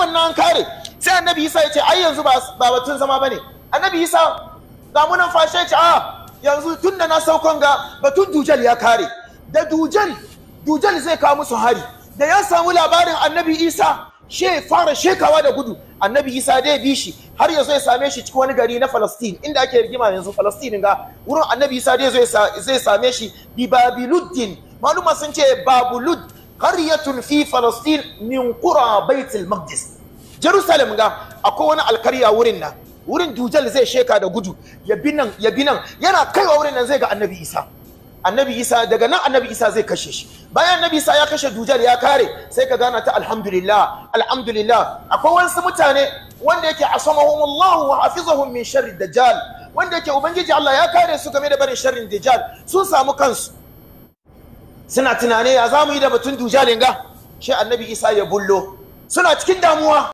wannan an kare sai annabi isa ya ce ai yanzu ba batun zama ba ne annabi isa ga munan fashe ce a yanzu tun da na saukon ga batun dujal ya kare da dujal dujal zai kawo musu hari da ya samu labarin annabi isa she fara shekawa da gudu annabi isa dai bi shi har yanzu ya same shi cikin wani gari na falastin inda ake rigima yanzu falastin ga wurin annabi isa dai zai same shi bi babiluddin maluma sun ce babulud qaryatun fi falastin min qura baitul maqdis jerusalem ga akwai wani alkarya wurin nan wurin dujal zai sheka da gudu ya bi nan ya bi nan yana kaiwa wurin nan zai ga annabi isa annabi isa daga nan annabi isa zai kashe shi bayan annabi isa ya kashe dujal ya kare sai ka gana ta alhamdulillah alhamdulillah akwai wasu mutane wanda yake asamahumullahu wa hafizahum min sharri dajjal wanda yake ubangiji Allah ya kare su game da barin sharrin dajjal sun samu kansu suna tunani ya za mu yi da batun dujalin ga shi annabi isa ya bullo suna cikin damuwa